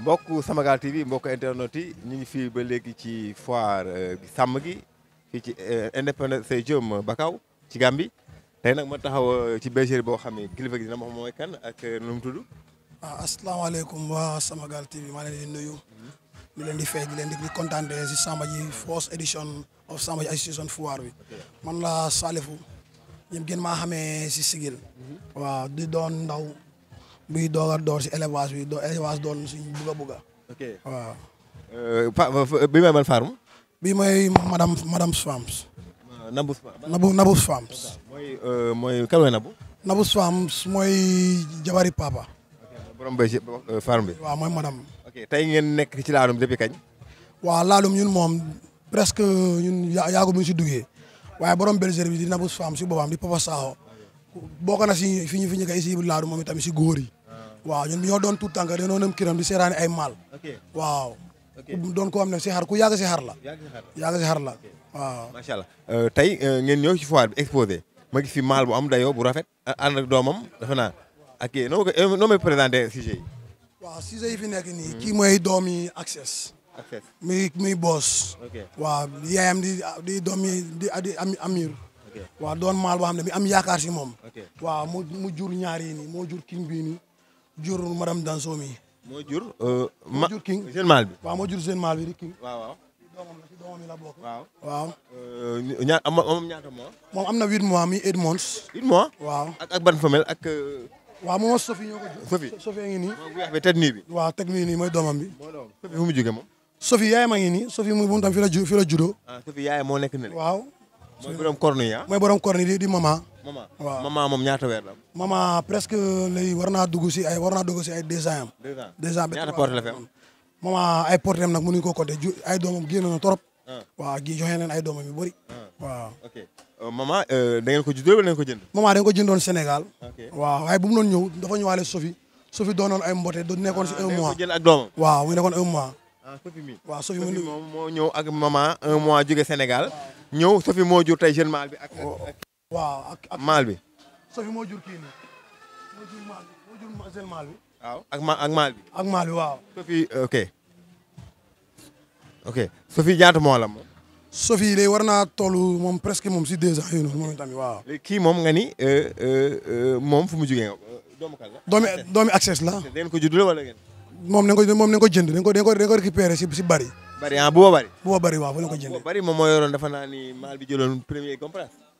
mbokk Samagal ah, TV mbokk internet yi ñu ngi fii ba léegi ci foire eh, sàmm gi fii ci eh, Independence Stadium Bakaw ci Gambie tey nag ma taxaw euh, ci bergerie boo xam ne kilifa gi dina ma xam mooy kan ak euh, nu mu tudd. waaw ah, asalaamaaleykum waa Samagal TV maa leen di nuyu. di leen di fay di leen di kontaan si Samba ji first edition of Samba ji association foire bi. man la Salifou. ñoom gën maa xamee si sigil. waaw di doon ndaw. buy doog a door si élevage bi doon élevage doon suñ bugg a bugg a. ok waaw. Euh, bii mooy ban farm. bii mooy madame madame Swamps. Nabous Swamps Nabous Swamps. Euh, mooy kan na Nabou. Nabou Soham mooy jabari papa. borom bay si euh, farm bi. waaw mooy madame. ok tey ngeen nekk ci Laaloum depuis kañ. waaw Laaloum ñun moom presque ñun yaagu bu ñu si duggee waaye borom bergerie bi di Nabou Soham si boobam di Papa Sakho bokk na si fi ñu fi ñu koy si Laaloum moom itam si góor yi. Ah. waaw ñun ñoo doon tuut tànk dañoo dem kiram di seeraani ay maal. waaw. doon ko am ne si xar ku yàgg si xar la. yàgg si xar la la waaw. macha allah euh, tey ngeen ñëw ci foire bi exposé. ma gis fi maal bu am dayoo bu rafet ànd ak doomam defe naa ak kii noo ko eh, noo may yi. waaw sujet yi fi nekk nii. kii mooy doom yi access muy muy boos. waaw yaayam di di doom di am amir. waaw doon maal boo xam ne mi am yaakaar si moom. waaw mu mu jur ñaar yi nii moo jur king bi nii jur madame Danso mi. moo jur. Euh, ma moo jur king jeune maal bi. waaw moo jur jeune maal bi di king. doomam yi la bokk. waaw waaw. Euh, ñaar moom ñaata mois. moom na a ngi nii. bu weex bi teg nii bi. waaw teg nii nii mooy doomam bi. Sophie fu mu jógee moom. Sophie yaayam a ngi nii Sophie mu moom tam la ju fi la ah, moo nekk nii. waaw. mooy moom ñaata weer la. maman presque lay war naa dugg si ay war naa dugg si ay la fi mama ay portem nag mënuñu ko compter ju ay doomam génn na trop. Ah. waaw gi joxe leen ay doomam yu bëri. Ah. waaw ok euh, maman euh, da ko juddoo wala da ngeen ko jënd. maman da ngeen ko jëndoon Sénégal. waaw bu mu doon ñëw dafa ñëwaale Sophie Sophie doonoon ay mbote do nekkoon si ah, un mois. jël waaw mu nekkoon un mois. ah moo ñëw ak maman mois jóge Sénégal. ñëw Sophie moo jur tey jeune bi ak. waaw ak bi. Sophie moo jur kii moo jur mâle bi. waaw ak ma ak maal bi. ak maal bi waaw. Sophie euh, ok ok ñaata moo la moom. Sophie léegi war naa toll moom presque moom si deux ans moom tamit waaw. léegi kii moom nga ni euh, euh, moom fu mu jugee nga. doomu kan la doomi doomi accès la. moom nañ ko moom nañ ko jënd dañ ko dañ ko dañ si bari. bari ah bu bari. bu bari waaw bu la ko jëndee. Ah, bari moom mooy yoroon dafa naa ni maal bi jëloon premier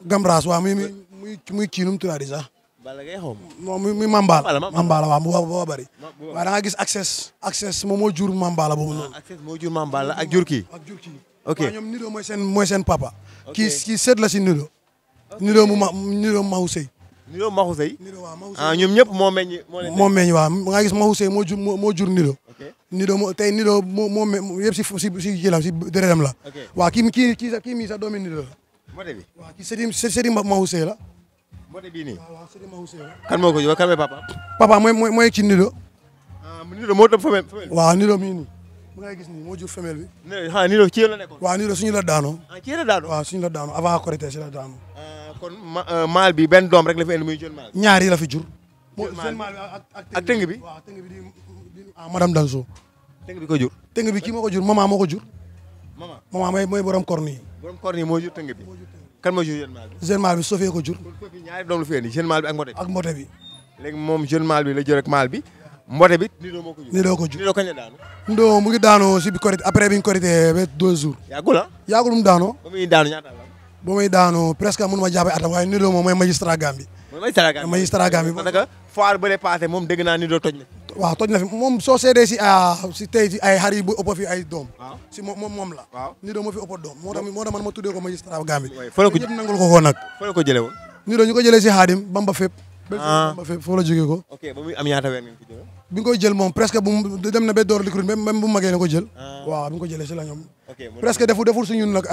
Gambras. muy muy muy kii nu mu tudd sax. Balla Gaye xaw ma. non muy Mambaala. Mambaala waaw mu boo bëri. waaw da nga gis access. access moom moo jur Mambaala boobu noonu. Ah, access moo jur Mambaala ak jur kii. ak jur kii ok waaw ñoom Nido mooy seen mooy seen papa. kii la si mu ma Nido Mahusey. Nido Mahusey. Nido ah, ñoom ñëpp moo meññ. moo leen moo meññ waaw nga gis Mahusey moo jur moo jur Nido. Nido moo tey Nido moo si si si jëlam la. ok waaw kii kii kii mii la. kii Serigne Serigne la. mbote bii mooy papa. papa mooy mooy mooy ci nido. ah nido moo tëb femelle. waaw nido mii nii. mu ngay gis nii bi. Ah, waaw nido suñu la ah, la daanoo. waaw suñu la si la daanoo. Ah, maal bi benn doom rek la fi indi muy jeune ñaar yi la fi jur. jeune maal bi ak tëng bi waaw tëng bi bi ko jur. tëng bi kii moo ko jur maman moo ko jur. maman maman mooy mooy borom corne yi. kan mooy jur jeune mâle bi. jeune mâle bi Sophie ko ñaari doom la fi indi jeune mâle bi ak mbote bi. ak mbote bi. léegi moom jeune mâle bi la jël daanu. si bi korité après bi ñu korité ba deux jours. yàggul ah. mu daanu ñaata la. ba daanu presque mënu ma jàppee atam waaye Nido moom mooy magistrat Gambie. mooy magistrat Gambie foire bële paase moom dégg naa Nido toj na. waaw toj na fi moom soo seedee si ah, si tey si ay xar yi bu ëpp fi ay doom. si moom la. waaw doom moo fi ëpp doom. moo tax moo ma tuddee ko magistrat Gambie. fële ah. foo la jógee bu mu dem na ba door recrute même bu mu magee na ko jël. Ah. waaw ay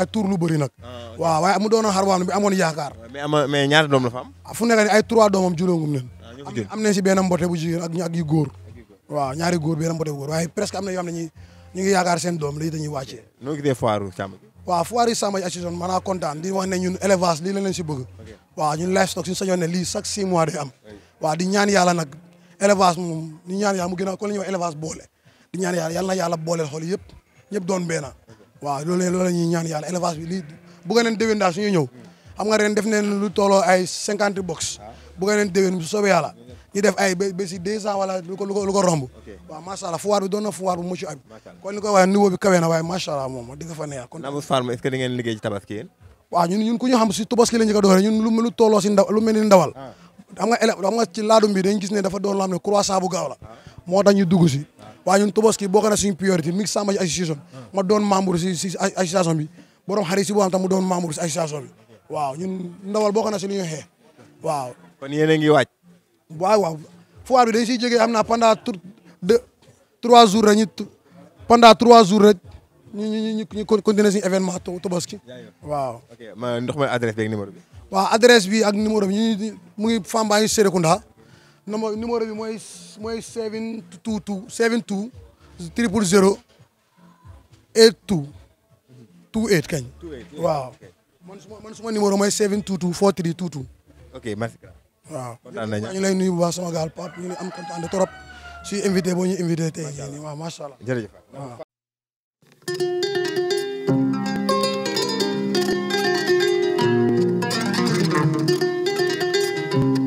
tour doom la fa am. fu am nañ si benn mbote bu jigéen ak ñu ak waaw ñaari góor bi yaram côté góor waaye presque am na yoo xam ne ñu ñu ngi yaakaar seen doom lii dañuy wàccee. noo gisee foiru sàmm gi. waaw foiru sàmm ji association maanaam kontaan di wax ne ñun élevage lii la leen si bëgg. waaw ñun livestock suñu sañoon ne lii chaque six mois day am. waaw di ñaan yàlla nag élevage moom di ñaan yàlla mu gën a ko la ñuy wax élevage boole. di ñaan yàlla yàlla na yàlla booleel xol yëpp ñëpp doon benn. waaw loolu loolu la ñaan yàlla élevage bi lii bu nga leen déwén daal suñuy ñëw. def neen lu tooloo ay cinquante box ah. bu nga leen déwén bu soobee yàlla ñu def ay ba ba si deux cent wala lu ko lu ko romb. waaw macha allah bi doon na foire bu mucc ayib. kon ni ko waxee niveau bi kawe waaye macha moom wax dëgg fa neex. kon waaw ñun ñun ku ñu xam si la ñu ko dooree ñun si ah. ne dafa doon loo xam ne croissant bu ah. ñu dugg si. Ah. waaye association. ma doon membre si association bi borom xarit si boo xam tam mu doon membre si association bi. waaw ñun ndawal bokk ñu xee waaw. kon yéen ngi waaj waaw waaw foire bi dañ siy jógee am naa pendant tout deux trois jours rek ñu pendant trois jours rek ñu ñu ñu ñu continuer suñu événement Tabaski waaw. ok ma ndox ma adresse bi bi. waaw adresse bi ak numéro bi ñu mu ngi Famba ñu Serekunda numéro bi mooy mooy seven two two seven two triple zero eight two two eight kañ. waaw suma numéro mooy seven two two four waaw bu baax sama gaal papa ñu am content de trop si invité bo ñu invité tay ni wa machallah jërëjëf thank you